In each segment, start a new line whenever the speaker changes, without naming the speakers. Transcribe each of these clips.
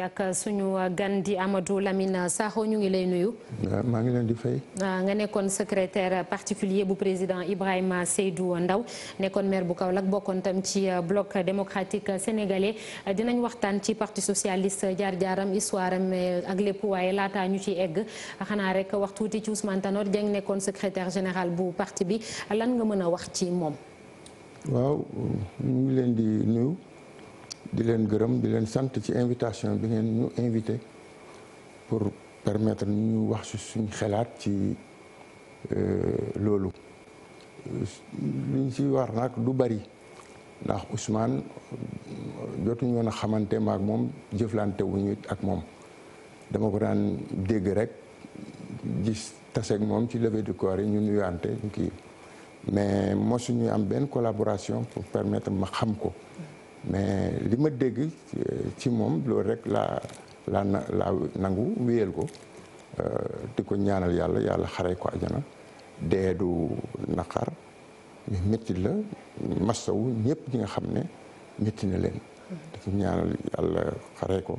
ak suñu gan di Amadou Lamine Sakho ñu ngi lay nuyu.
Ah, maa ngi leen di fay.
Ah, nga nekkoon secrétaire particulier bu président Ibrahima Seydou Ndaw nekkoon maire bu Kaolack bokkoon tam ci euh, bloc démocratique sénégalais euh, dinañ waxtaan ci parti socialiste jaar-jaaram histoire am euh, ak lépp waaye laataa ñu ci egg xanaa rek wax tuuti ci Ousmane Tanor nekkoon secrétaire général bu parti bi lan nga mën a wax ci moom.
waaw ñu ngi leen di nuyu. di leen gërëm di leen sant ci invitation bi ngeen ñu invité pour permettre ñu wax si suñ xalaat ci euh, loolu luñ si war nag du bari ndax Ousmane jotuñu woon a xamante maak moom jëflante wuñu ak moom dama ko daan dégg rek gis taseeg moom ci levée du corps yi ñu nuyuwante ñu kii mais mosuñu am benn collaboration pour permettre ma xam ko mais li ma dégg euh, ci moom loolu rek laa laa na laa nangu wéyal ko euh, di ko ñaanal yàlla yàlla xaree ko ajana dee du naqar métti la masawu ñëpp ñi nga xam ne métti na leen mm-hmm. di ñaanal yàlla xare ko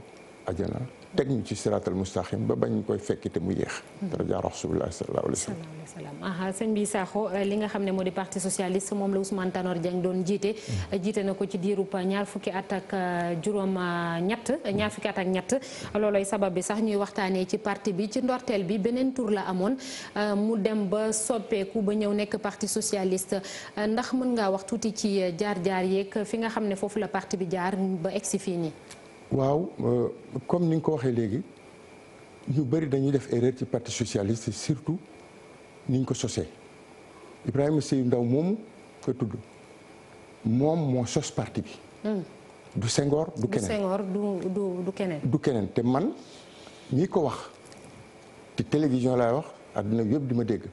ajana teg ñu ci siraatal mustaqim ba bañ koy fekki te mu yéex. dara jaa rasulullah sallallahu
alayhi wa sallam. aha sëñ bi Sakho li nga xam ne moo di parti socialiste moom la Ousmane Tanor Dieng doon jiite. Mm. jiite na ko ci diirub ñaar fukki at ak euh, juróom euh, ñett ñaar fukki at ak ñett loolooy sabab bi sax ñuy waxtaanee ci parti bi ci ndorteel bi beneen tur la amoon euh, mu dem ba soppeeku ba ñëw nekk parti socialiste ndax mën ngaa wax tuuti ci jaar jaar yeeg fi nga xam ne foofu la parti bi jaar ba egsi fii nii.
waaw euh, comme ni nga ko waxee léegi ñu bëri dañuy def erreur ci parti socialiste surtout niñ ko sosee Ibrahima si Ndaw moomu nga tudd moom moo sos parti bi. Hmm. du Senghor du keneen
du du keneen.
du te man ñi ko wax te télévision laay wax àdduna bi yëpp di ma dégg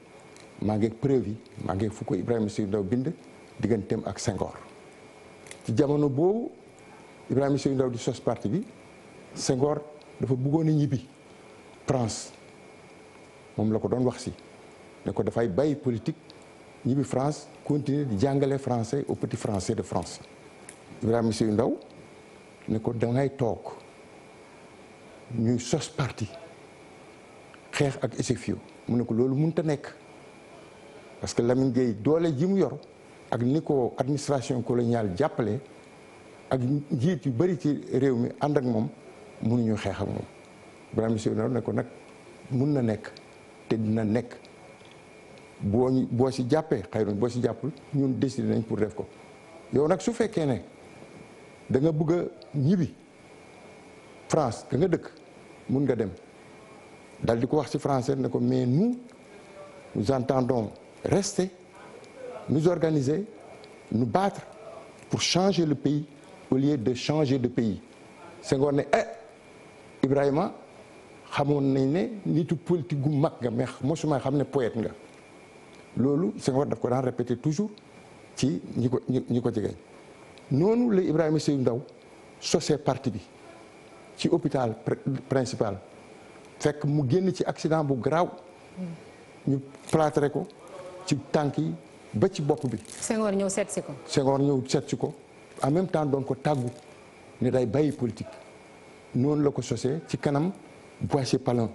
maa ngi preuve maa ngi fu ko Ibrahima Seydou Ndaw bind digganteem ak Senghor ci jamono boobu. Ibrahima Sédhiou Ndaw di sos parti bi Senghor dafa bëggoon a ñibbi France moom la ko doon wax si ne ko dafay bàyyi politique ñibbi France continuer di jàngale français au petit français de France Ibrahima Sédhiou Ndaw ne ko dangay toog ñuy sos parti xeex ak SFIO mu ne ko loolu mënut a nekk parce que Lamine Gueye doole ji mu yor ak ni ko administration coloniale jàppale ak njiit yu bëri ci réew mi ànd ak moom mënuñu xeex ak moom Ibrahima Seydou ne ko nag mun na nekk te dina nekk boo ñu boo si jàppee xayrun boo ci jàppul ñun décidé nañ pour def ko yow nag su fekkee ne da nga bëgg a ñibbi France da nga dëkk mun nga dem dal di ko wax ci français ne ko mais nu nous entendons rester nous organiser nous battre pour changer le pays au lieu de changer de pays Senghor ne eh Ibrahima xamoon nañ ne nitu politique gu mag nga mais mosuma xam ne poète nga loolu Senghor daf ko daan répété toujours ci ñi ko ñi ko jege noonu la Ibrahima Seydou Ndaw sosee parti bi ci hôpital principal fekk mu génn ci accident bu garaaw ñu plâtré ko ci tànk yi ba ci bopp bi
Senghor ñëw seet si ko
Senghor ñëw set si ko en même temps doon ko tàggu ne day bàyyi politique noonu la ko sosee ci kanam Boissier Palin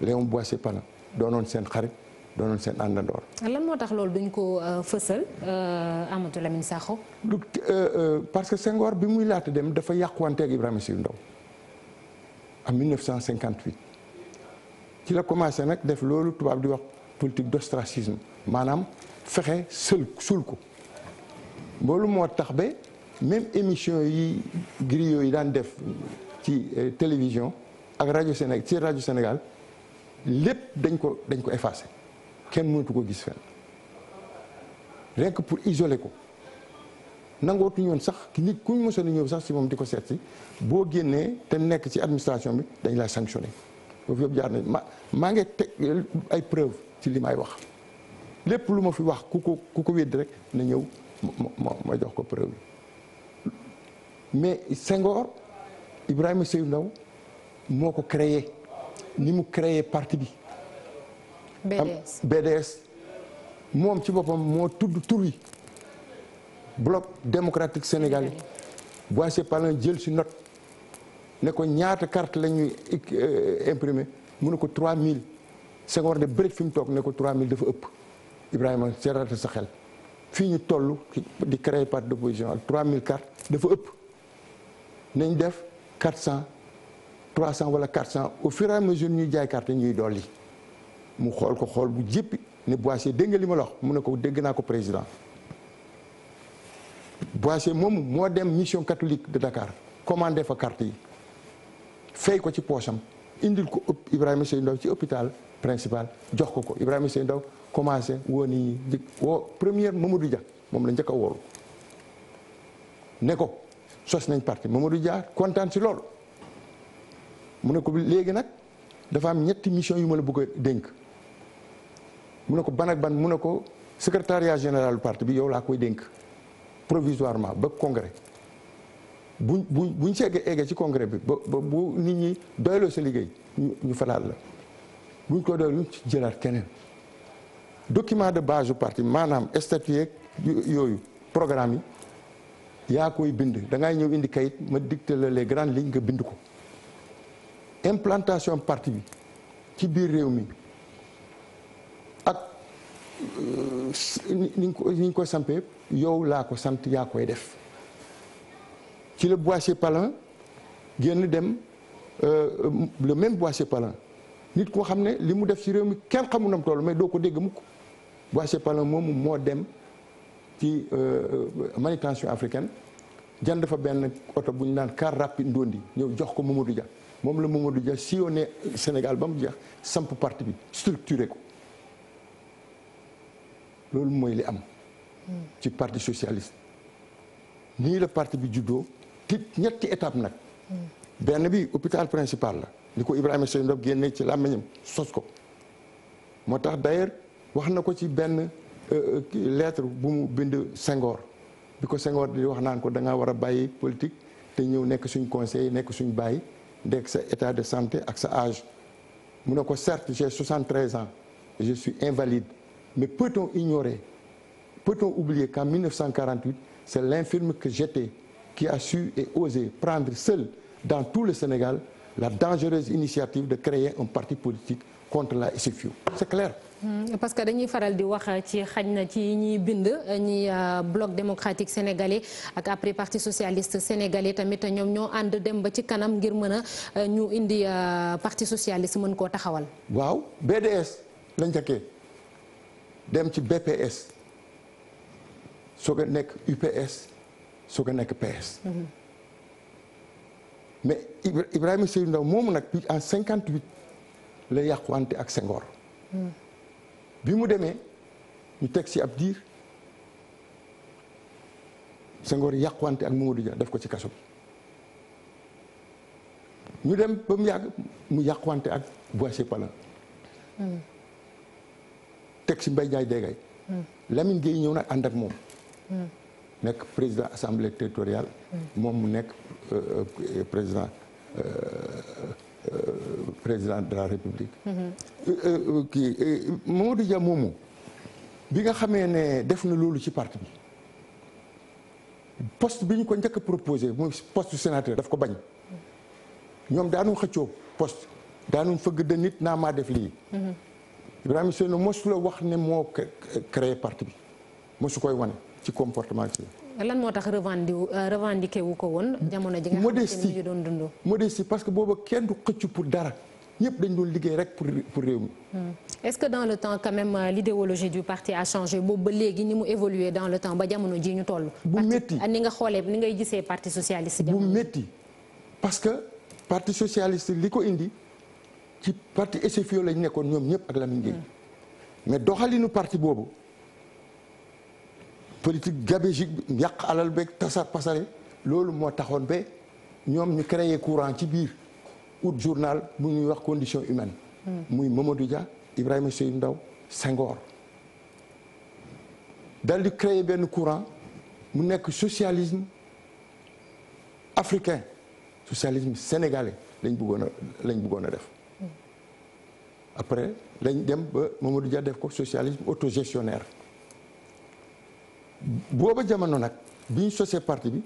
Léon Boissier Palin doonoon seen xarit doonoon seen àndandoor.
lan moo tax loolu duñ ko euh, fësal euh, Amadou Lamine Sakho.
du euh, parce que Senghor bi muy laata dem dafa yàquwanteeg Ibrahima Sy Ndaw en 1958 ci la commencé nag def loolu tubaab di wax politique d'ostracisme maanaam fexe sël suul ko. boolu moo tax ba même émission yi griyo yi daan def ci euh, télévision ak rajo Sénégal ci rajo Sénégal lépp dañ ko dañ ko effacé kenn mënatu ko gis fenn rien pour isoler ko nangootu ñoon sax nit kuñ mose a ñëw sax si moom di ko seet si boo génnee te nekk ci administration bi dañ laa sanctionné foofu yëpp jaar na ma maa ngi teg euh, ay preuve ci li may wax lépp lu ma fi wax ku ko ku ko wéddi rek na ñëw ma jox ko preuve mais Senghor Ibrahima Seydou Ndaw moo ko créé ni mu créé parti bi. BDS BDS moom ci boppam moo tudd tur yi bloc démocratique sénégalais Boissé Palin jël si note ne ko ñaata carte la ñuy euh, imprimer mu ne ko 3000 Senghor de bëri fi mu toog ne ko mille dafa ëpp Ibrahima seeraate sa xel. fii ñu toll di créer parti d'opposition ak 3000 cartes dafa ëpp nañ def 400 300 wala 400 au fur et à mesure ñuy jaay carte ñuy dolli mu xool ko xool bu jéppi ne Boissier dégg nga li mu ne ko dégg naa ko président Boissier moom moo dem mission catholique de Dakar commandé fa carte yi fay ko ci poosam indil ko ëpp Ibrahima Seydou Ndaw ci hôpital principal jox ko ko Ibrahima Seydou Ndaw commencé woo nii njëkk woo première Mamadou Dia moom la njëkk a woolu ne ko sos nañ parti Mamadou Dia kontaan si loolu mu ne ko léegi nag dafa am ñetti mission yu ma la bëgg a dénk mu ne ko ban ak ban mu ne ko secretariat général du parti bi yow laa koy dénk provisoirement ba congrès buñ bu buñ seggee eggee ci congrès bi ba ba bu nit ñi doyloo sa liggéey ñu falaal la buñ ko doyloo jëlaat keneen. document de base yu parti maanaam statut yooyu programme yi yaa koy bind da ngay ñëw indi kayit ma dicté la les grandes lignes nga bind ko implantation parti bi ci biir réew mi ak euh, ni ñu koy sampee yow laa ko sant yaa koy def ci la Boissier Palin génn dem euh, le même Boissier Palin nit koo xam ne li mu def ci réew mi kenn xamu nam toll mais doo ko dégg mukk Boissé Pallon moom moo dem ci euh, euh, manutention africaine jënd fa benn oto bu ñu naan car rapide ndondi ñëw jox ko Mamadou ja moom la ja si sillonné Sénégal ba mu jeex samp parti bi structuré ko loolu mooy li am. ci parti socialiste. nii la parti bi juddoo ti ñetti étape nag. benn bi hôpital principal la. ni ko Ibrahima Seydou Ndob génnee ci làmmiñam sos ko moo tax d'ailleurs wax na ko ci benn euh, euh, lettre bu mu bind Senghor bi ko Senghor di wax naan ko da ngaa war a bàyyi politique te ñëw nekk suñ conseil nekk suñ bàyyi dégg sa état de santé ak sa âge mu ne ko certes j'ai 73 ans je suis invalide mais peut-on ignorer peut-on oublier qu'en 1948 c'est l'infirme que j'étais qui a su et osé prendre seul dans tout le Sénégal la dangereuse initiative de créer un parti politique contre la SFIO c'est clair
Hmm, parce que dañuy faral di wax ci xañ na ci ñi bind ñi euh, bloc démocratique sénégalais ak après parti socialiste sénégalais tamit ñoom ñoo ànd dem ba ci kanam ngir mën a euh, ñu indi euh, parti socialiste mën koo taxawal.
waaw BDS lañ njëkkee dem ci BPS soog a nekk UPS soog a nekk PS. Hmm. mais Ibrahima Seydou Ndaw moomu nag en cinquante huit la yàquwante ak Senghor. Hmm. bi mu demee mu teg ci ab diir Senghor yàqwante ak Mamadou Dia def ko ci kaso ñu dem ba mu yàgg mu yàqwante ak Boissé Pala hmm. teg si Mbaye Ndiaye Dégay hmm. Lamine Gueye ñëw nag ànd ak moom hmm. nekk président assemblée territoriale moom mu nekk euh, euh, président euh, Euh, président de la république. Mm-hmm. Euh, euh, kii Mamadou Dia moomu bi nga xamee ne def na loolu ci parti bi poste bi ñu ko njëkk a proposé muy poste sénateur daf ko bañ ñoom daanu xëccoo poste daanu fëgg de nit naa maa def lii. Mm-hmm. Ibrahima Seyno mosu la wax ne moo créé parti bi mosu koy wane ci comportement bi.
lan moo tax euh, revendiqué wu ko woon. jamono ji nga xamante ni doon dund.
modestie parce que boobu kenn du xëcc pour dara ñëpp dañ doon liggéey rek pour pour réew mi.
Hmm. est-ce que dans le temps quand même euh, l'idéologie du parti a changé boobu ba léegi ni mu évolué dans le temps ba jamono ji ñu toll. bu métti ah, ni nga xoolee ni ngay gisee parti socialiste.
bu métti parce que parti socialiste li ko indi ci parti SFIO lañu nekkoon ñoom ñëpp ak Lamine Gueye hmm. mais doxalinu parti boobu. politique gabégique bi alal beeg tasar pasare loolu moo taxoon ba ñoom ñu créer courant ci biir ut journal mu ñuy wax condition humaine hmm. muy Mamadou Dia Ibrahima Seydou Ndaw Senghor dal di créer benn courant mu nekk socialisme africain socialisme sénégalais lañ bëggoon lañ bëggoon a def hmm. après lañ dem ba Mamadou Dia def ko socialisme autogestionnaire booba jamono nag bi ñu sosee parti bi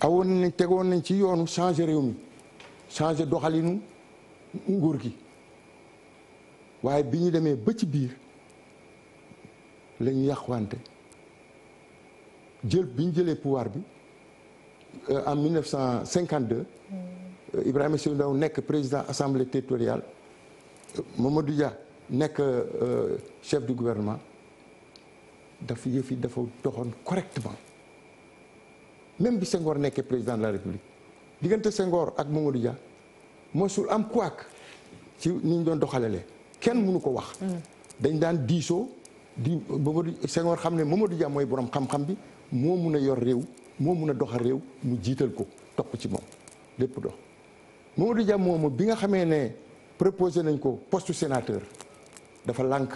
awoon nañ tegoon nañ ci yoonu changer réew mi changer doxalinu nguur gi waaye bi ñu demee ba ci biir la ñu yàqwante jël bi ñu jëlee pouvoir bi euh, en 1952 hmm. euh, Ibrahima Seydou Ndaw nekk président assemblée territoriale Mamadou Dia nekk euh, chef du gouvernement dafa yëf yi dafa doxoon correctement même bi Senghor nekkee président de la république diggante Senghor ak Mamadou Dia mosul am kuwaak ci ni ñu doon doxalalee kenn munu ko wax. Mm. dañ daan diisoo di Mamadou Senghor xam ne Mamadou Dia mooy borom xam bi moo mun a yor réew moo mun a doxal mu jiital ko topp ci moom lépp dox moomu bi nga xamee ne proposé nañ ko poste sénateur dafa lànk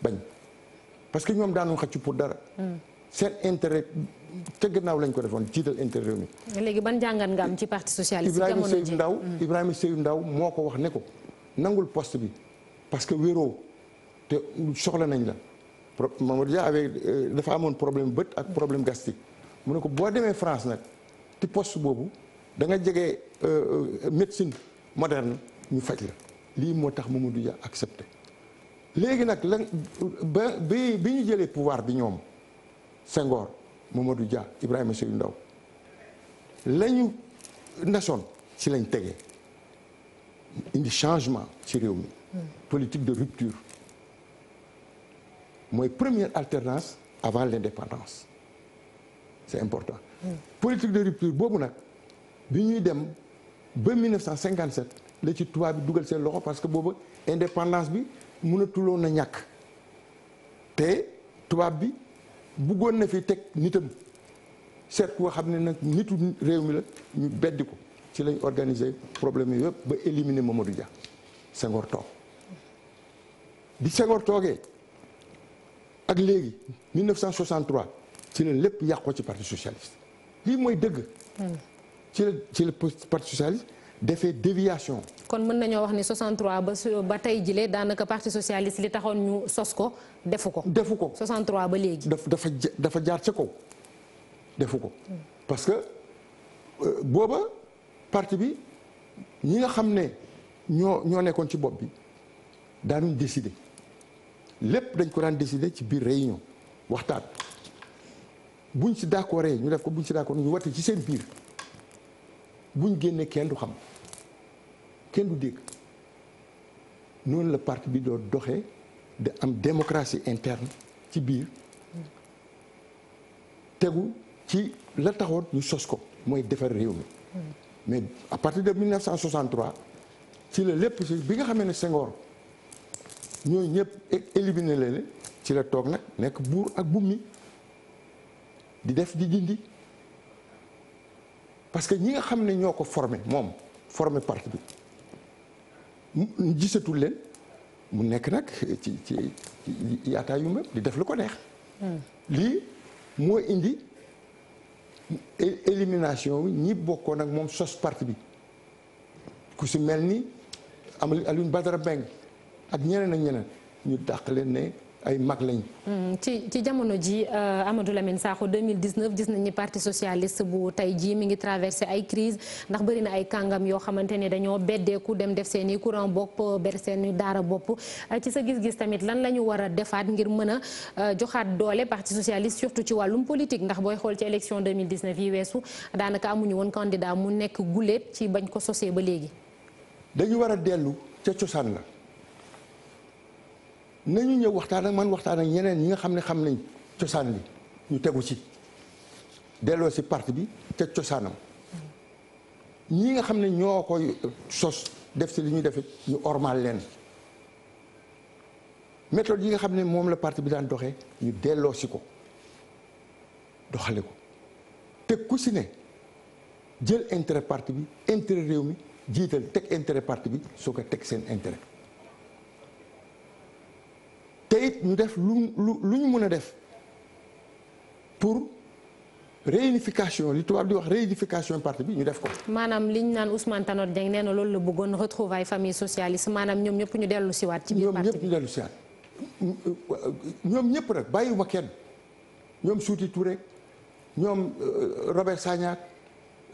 bañ. parce que ñoom daanuñ xëcc pour dara. Hmm. seen intérêt ca gannaaw lañ ko defoon jiital intérêt réew mi.
léegi ban jàngat nga am ci parti socialiste. jamono ji
Ibrahima Seydou Ndaw hmm. Ibrahima Seydou Ndaw moo ko wax ne ko nangul post bi parce que wéroo te soxla nañ la. pro Mamadou Dia avec euh, dafa amoon problème bët ak problème gastrique mu ne ko boo demee France nag ci post boobu da nga jege euh, euh, médecine moderne ñu faj la lii moo tax Mamadou Dia accepté. léegi nag lan ba bi ñu jëlee pouvoir bi ñoom Senghor Mamadou Dia Ibrahima Seydou Ndaw lañu nasoon ci lañ tegee indi changement ci réew mi hmm. politique de rupture mooy première alternance avant l'indépendance c'est important hmm. politique de rupture boobu nag bi ñuy dem ba 1957 la ci tubaab bi dugal seen loxo parce que boobu indépendance bi mënatuloon na ñàkk te tubaab bi buggoon na fi teg nitam seet koo xam ne nag nitu réew mi la ñu beddi ko ci lañ organiser problème yi yëpp ba éliminer Mamadou Dia Senghor toog bi Senghor toogee ak léegi 1963 ci la lépp yàqoo ci parti socialiste lii mooy dëgg. Hmm. ci la ci la parti socialiste. defee déviation.
kon mën nañoo wax ni 63 ba ba tey jilee daanaka parti socialiste li taxoon ñu sos ko defu ko. defu ko 63 ba léegi.
dafa dafa jaar ca kaw defu ko parce que euh, booba parti bi ñi nga xam ne ñoo ñoo nekkoon ci bopp bi daanuñ décider lépp dañ ko daan décider ci biir réunion waxtaan buñ si d'accordee ñu def ko buñ si d'accord ñu wate ci seen biir buñ génnee kenn du xam. kenn du dégg noonu la parti bi doo doxee da am démocratie interne ci biir tegu ci la taxoon ñu sos ko mooy defar réew mi mais à parti de 1963 ci la lépp ci bi nga xamee ne Senghor ñooñu ñëpp éliminé leen ci la toog nag nekk buur ak bummi di def di dindi parce que ñi nga xam ne ñoo ko formé moom formé parti bi gisatul leen mu nekk nag ci ci yaataa yu mbëpp di def lu ko neex. Hmm. lii moo indi élimination bi ñi bokkoon ak moom sos parti bi ku si mel ni am Alioune Badara Mbengue ak ñeneen ak ñeneen ñu dàq leen ne. ay mag lañ.
Mm, ci ci jamono ji euh, Amadou Lamine Sakho 2019 gis nañ ni parti socialiste bu tey jii mi ngi traversé ay crise ndax bëri na ay kàngam yoo xamante ne dañoo beddeeku dem def seen i courant bopp ber seen daara bopp euh, ci sa gis-gis tamit lan la ñu war defaat ngir mën a euh, joxaat doole parti socialiste surtout ci wàllum politique ndax booy xool ci élection 2019 yi weesu daanaka amuñu woon candidat mu nekk guléet ci bañ ko sosee ba léegi.
dañu war a dellu ca cosaan la. nañu ñëw waxtaan ak man waxtaan ak ñeneen ñi nga xam ne xam nañ cosaan bi ñu tegu ci delloo si parti bi te cosaanam ñi nga xam ne ñoo koy sos def si li ñuy defit ñu ormal leen méthode yi nga xam ne moom la parti bi daan doxe ñu delloo si ko doxale ko teg ku si ne jël intérêt parti bi intérêt réew mi jiital teg intérêt parti bi soo ko teg seen intere ñu def lu lu lu ñu mën a def pour réunification li tubaab di wax réunification parti bi ñu def ko.
maanaam li ñu naan Ousmane Tanor Dieng nee na loolu la bëggoon retrouvailles famille socialiste maanaam ñoom ñëpp ñu dellu siwaat ci biir parti
bi ñoom ñëpp ñu dellu ñoom ñëpp nag bàyyiwuma kenn ñoom suuti Souti rek ñoom euh, Robert Sagna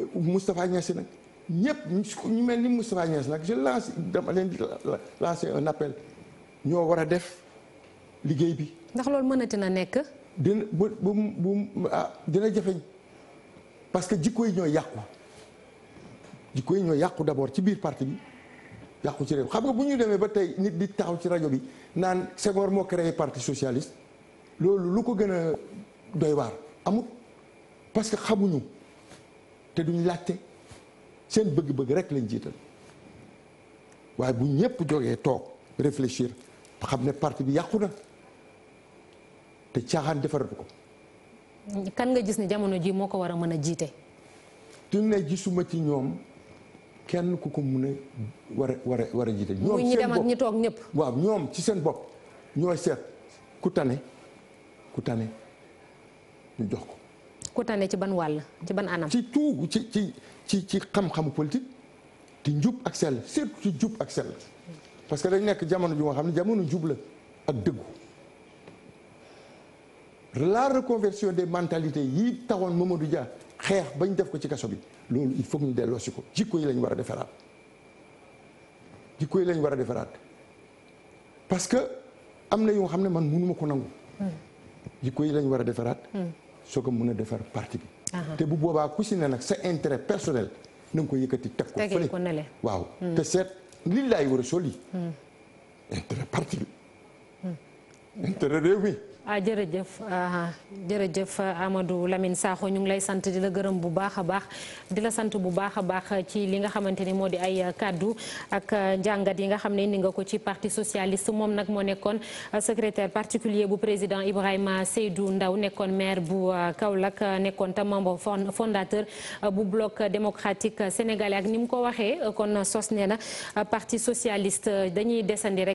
euh, Moustapha Niass nag ñëpp ñu mel ni Moustapha Niass nag je lance dama leen di lancer un appel ñoo war a def. liggéey bi.
ndax loolu mënati na nekk.
dina bu bu ah dina jafeñ parce que jikko yi ñoo yàqu jikko yi ñooy yàqu d'abord ci biir parti bi yàqu ci réew xam nga bu ñu demee ba tey nit di taxaw ci rajo bi naan Senghor moo créé parti socialiste loolu lu ko gën a doy waar amut parce que xamuñu te duñ laajte seen bëgg-bëgg rek lañ jiital waaye bu ñëpp jogee toog réfléchir xam ne parti bi yàqu na. te caaxaan defaratu ko.
kan nga gis ne jamono jii moo ko war a mën a jiite.
duñ ne gisuma ci ñoom kenn ku ko mun a war a war war a jiite. ñoom seen bopp muy ñi dem ak ñi toog ñëpp. waaw ñoom ci seen bopp ñooy seet ku tane ku tane ñu jox ko.
ku tane ci ban wàll ci ban anam. ci tout
ci ci ci ci xam-xamu politique di njub ak sell surtout ci njub ak sell parce que dañ nekk jamono ju nga xam ne jamono njub la ak dëggu. la reconversion des mentalités yi taxoon du Dia xeex bañ def ko ci kaso bi loolu il faut que ñu delloosi ko jikko yi lañ war a defaraat jikko yi lañ war a defaraat parce que am na yoo xam ne man mënuma ko nangu. jikko yi lañ war a defaraat. soo ko mën a defar parti bi. te bu boobaa ku si ne nag sa intérêt personnel na nga ko yëkkati teg ko. fële ko waaw. Hmm. te seet li laay war a soli.
Hmm. intérêt parti bi.
Hmm. intérêt réew mi.
Ah, jërëjëf ah, jërëjëf Amadou Lamine Sakho ñu ngi lay sant di la gërëm bu baax a baax di la sant bu baax a baax ci li nga xamante ni moo di ay kàddu ak njàngat yi nga xam ne indi nga ko ci parti socialist moom nag moo nekkoon secrétaire particulier bu président Ibrahima Seydou Ndaw nekkoon maire bu ah, Kaolack nekkoon tam membre fondateur bu bloc démocratique sénégalais ak ni mu ko waxee kon sos nee na parti socialiste dañuy desandi rek.